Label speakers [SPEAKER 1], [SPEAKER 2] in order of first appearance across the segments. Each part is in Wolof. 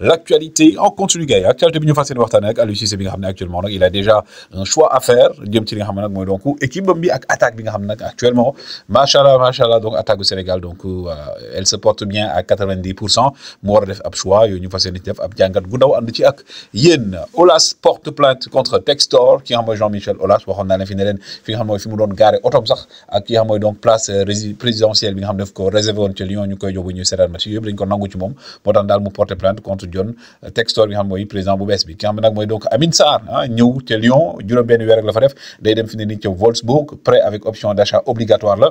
[SPEAKER 1] l'actualité en continu gars yi ak charge bi ñu fas yéene ak Aliou Cissé bi nga xam actuellement nak il a déjà un choix à faire jëm ci nga xam nak moy donc équipe bam bi ak attaque bi nga xam nak actuellement machallah machallah donc attaque bu Sénégal donc euh, elle se porte bien à 90 mo cent def ab choix yo ñu fas def ab jangat gu ndaw and ci ak yéen Olas porte plainte contre Textor qui en xam Jean-Michel Olas waxoon naa leen fi neen fi nga xam mooy fi mu doon gaare otom sax ak ki nga donc place euh, présidentielle bi nga xam def ko réservé woon ci Lyon ñu koy yóbbu ñu seetaan match yëpp dañ ko nangu ci mom moo dal mu porte plainte contre John euh, Textor bi nga xam mooy président bu bees bi ki nga xam nag mooy donc Amin Sarr ah ñëw ca Lyon juróom-benn weer ak la fa def day dem fi ne nii ca Wolfsburg prêt avec option d'achat obligatoire la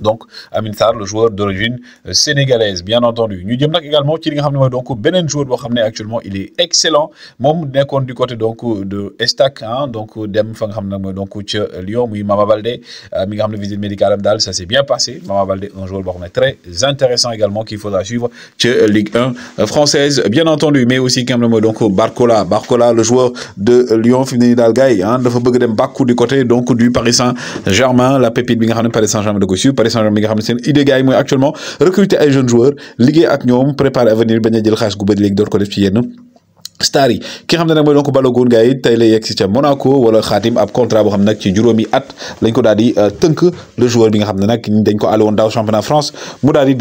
[SPEAKER 1] donc Amin Thar, le joueur d'origine euh, sénégalaise bien entendu ñu jëm également ci li nga donc joueur boo actuellement il est excellent mom nekkoon du côté donc de Estac hein, donc dem fa donc Lyon muy Mama euh, mi nga visite médicale am ça s'est bien passé Mama un joueur boo très intéressant également qu'il faudra suivre que Ligue 1 euh, française bien entendu mais aussi ki donc Barcola Barcola le joueur de Lyon fi mu ne hein, de du côté donc du Paris Saint-Germain la pépite bi nga Paris Saint-Germain de Paris Saint-Germain mi nga xam ne seen idée gaay moy actuellement recruter ay jeunes joueurs liggéey ak ñoom préparer avenir bañ a jël xaalis gu bëri léegi door ko def ci yenn stari ki xam ne nag mooy donc ballo Gaye Gueye tay lay yegg ci Monaco wala khatim ab contrat bo xamne nak ci juróomi at lañ ko daldi teunk le joueur bi nga xamne nak nag dañ ko won daw championnat France mu daal di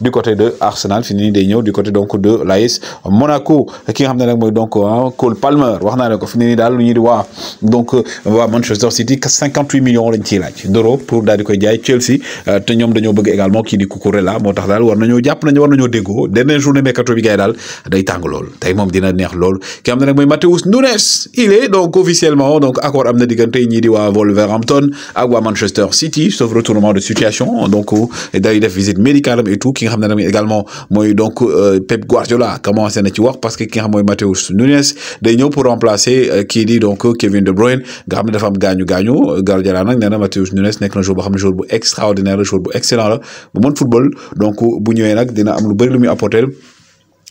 [SPEAKER 1] du côté de Arsenal fini ni day ñew du côté donc de l'AS Monaco ki nga xamne nak moy donc euh, Cole Palmer wax naa ko fini ni dal lu ñuy di wa donc euh, waa Manchester City 58 millions lañ ci laaj d'euros pour daldi di koy jaay Chelsea euh, te ñom dañu bëgg également kii di Cucurella motax dal war nañu japp nañu war nañu déggoo dernier journée mercato bi gars dal day tang lool tay mom dina neex lool loolu ki xam ne nag Matheus Nunes il est donc officiellement donc accord amna na ñi di wa Wolverhampton ak wa Manchester City sauf retournement de situation donc et d'ailleurs visite médicale et tout qui nga xam également moy donc euh, Pep Guardiola commencé na ci wax parce que ki xam moy Matheus Nunes day ñeu pour remplacer qui euh, di donc Kevin De Bruyne nga xam ne dafa am gaañu gaañu Guardiola nak néna Matheus Nunes nek na joueur boo xam joueur bu extraordinaire joueur bu excellent la bu mën football donc bu ñëwee nak dina am lu bari lu muy apporter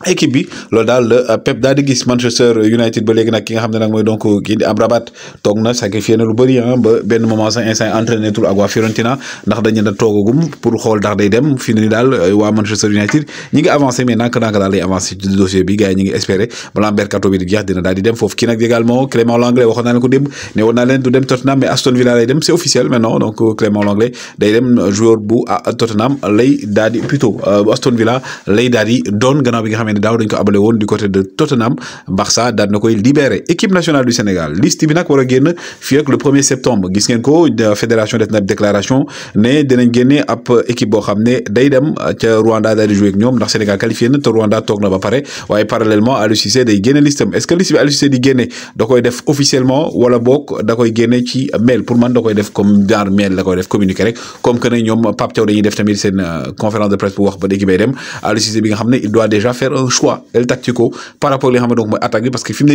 [SPEAKER 1] équipe bi loolu dal la euh, Pep dal di gis Manchester United ba léegi nak ki nga xamné nak moy donc kii abrabat Amrabat na sacrifié na lu bari hein ba ben moment sax instant entraîné tul Fiorentina ndax dañu ne toogagum pour xol ndax day dem fini d'Al daal euh, Manchester United ñi ngi avancer mais nak nak dal lay avancer ci dossier bi gaay ñi ngi espérer balaa mercato bi di jeex dina dal di dem fofu ki nak également Clément Langlais waxo na leen ko dem né won na len du dem Tottenham mais Aston Villa lay dem c'est officiel officiel maintenant donc euh, Clément Langlais day dem joueur bu Tottenham lay d'Al di plutôt Aston Villa lay d'Al di doon gannaaw bi nga xam ne daaw dañ ko abalé woon du côté de Tottenham Barça daan na koy libéré équipe nationale du Sénégal liste bi nak wara a génn fii ak le premier septembre gis ngeen ko euh, fédération def na déclaration ne dinañ génne ap équipe bo xamné ne day dem euh, ca Rwanda daal jouer joué ak ñom ndax Sénégal qualifié na te Rwanda tok na ba paré waye parallèlement Aliou Cissé day génne liste est ce que liste bi Aliou Cissé di génne da koy def officiellement wala bok da koy ci mail pour man da koy def comme genre mail la koy def communiqué rek comme que ne ñoom Pape Thiaw dañuy def tamit sen euh, conférence de presse pour wax ba équipe bay dem Aliou Cissé bi nga xamné il doit déjà faire un euh, choix elle tactico par rapport à les donc parce que film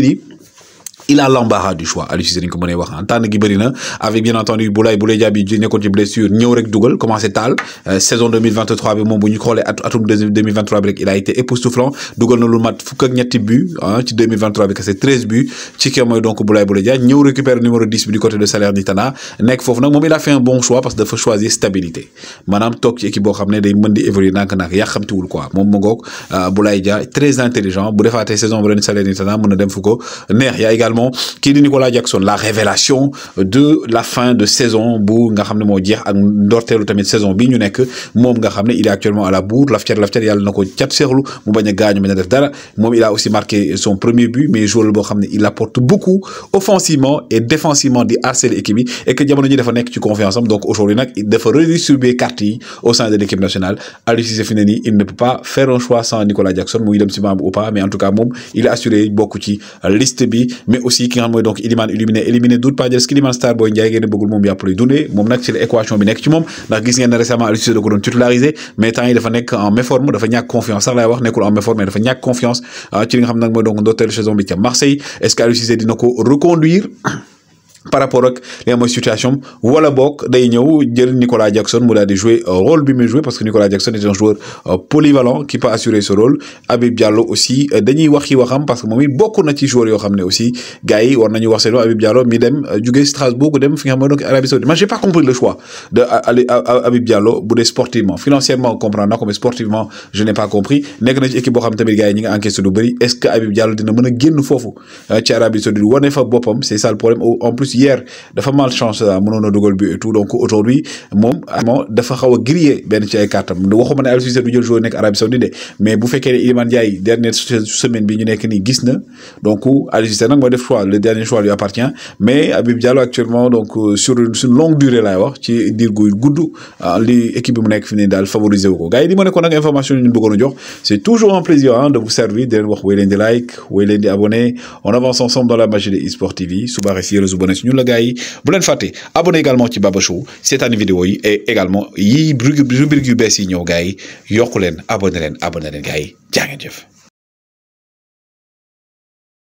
[SPEAKER 1] il a l'embarras du choix Aliou Cissé dañ ko mënee wax ah gi bëri na avec bien entendu Boulaye Boulaye Dia bi ko ci blessure ñëw rek dugal commencé tal euh, saison 2023 bi mom bu ñu xoolee at atum 2023 bi rek il a été époustouflant dougal na lu mat fuk ak ñetti buts ah, ci 2023 bi c'est 13 buts ci kii moy donc Boulaye Boulaye Dia ñëw récupérer numéro 10 bi du côté de Salernitana nek fofu nak mom il a fait un bon choix parce que dafa choisir stabilité manam tok ci équipe bo xamné day mën di évoluer ya xamti wul quoi mom mu ngoog euh, Boulaye Dia très intelligent bu defaatee saison bu ren Salernitana mën na dem fuko neex ya également qui kii Nicolas Jackson la révélation de la fin de saison bu nga xamné ne moo ak ndorteelu tamit saison bi ñu nek mom nga xamné il est actuellement à la bourre laf cat laf cat yàlla na ko cat seexlu mu bañ a gaañu def dara mom il a aussi marqué son premier but mais joueur bo xamné il apporte beaucoup offensivement et défensivement di harceler équipe et que jamono ñu dafa nek ci confiance am donc aujourd'hui il dafa redistribuer carte au sein de l'équipe nationale Aliou Cissé fi il ne peut pas faire un choix sans Nicolas Jackson muy dem ci membre ou pas mais en tout cas mom il est assuré bokk ci liste bi mais aussi ki nga xam donc Ilimane illuminé éliminé doute pas jël Ilimane Star Boy Ndiaye ngeen bëggul moom yàpp lay dundee moom nag ci l'équation bi nek ci mom ndax gis ngeen récemment Aliou Cissé da ko doon titularisé mais temps yi dafa nek en méforme dafa ñak confiance sax lay wax nekul en méforme mais dafa ñak confiance ah, ci li nga xam nak moy donc ndotel saison bi ci Marseille est-ce que Aliou Cissé dina ko reconduire par rapport à la situation wala boog day Nicolas Jackson mu de jouer jouer euh, rôle bi joué jouer parce que Nicolas Jackson est un joueur euh, polyvalent qui peut assurer ce rôle Habib Diallo aussi euh, dañuy wax yi waxam parce que moom beaucoup na ci joueur yo xamné aussi gaay war nañu wax seen Habib Diallo mi dem jugé Strasbourg dem fi nga xam donc Arabie Saoudite mais j'ai pas compris le choix de aller Habib Diallo bu sportivement financièrement comprendre naa mais sportivement je n'ai pas compris Nek na ci équipe bo xam tamit gaay ñi nga encaissé du bari. est-ce que Habib Diallo dina mëna a génn foofu ci Arabie Saoudite wane fa bopam, c'est ça le problème en plus plus hier dafa malchance euh, mënoon a dugal bi et tout donc aujourd'hui mom dafa xawa griller ben ci ay kàttam waxuma ne al Cissé du jël joueur Arabie Saoudite mais bu fekkee ne Iliman dernière semaine bi ñu nek ni gis na donc al Cissé nak mooy def choix le dernier choix lui appartient mais Habib Diallo actuellement donc euh, sur une longue durée lay wax ci dir gu gudd euh, li équipe bi mu nekk fi ne favoriser ko gars yi li ma ko nak information ñu bëggono jox c'est toujours un plaisir hein, de vous servir de len wax way len di like way len di abonner on avance ensemble dans la magie de sport TV suba rek si nous la gars Vous bu également à Baba Show vidéo et également yi rubrique a qui vous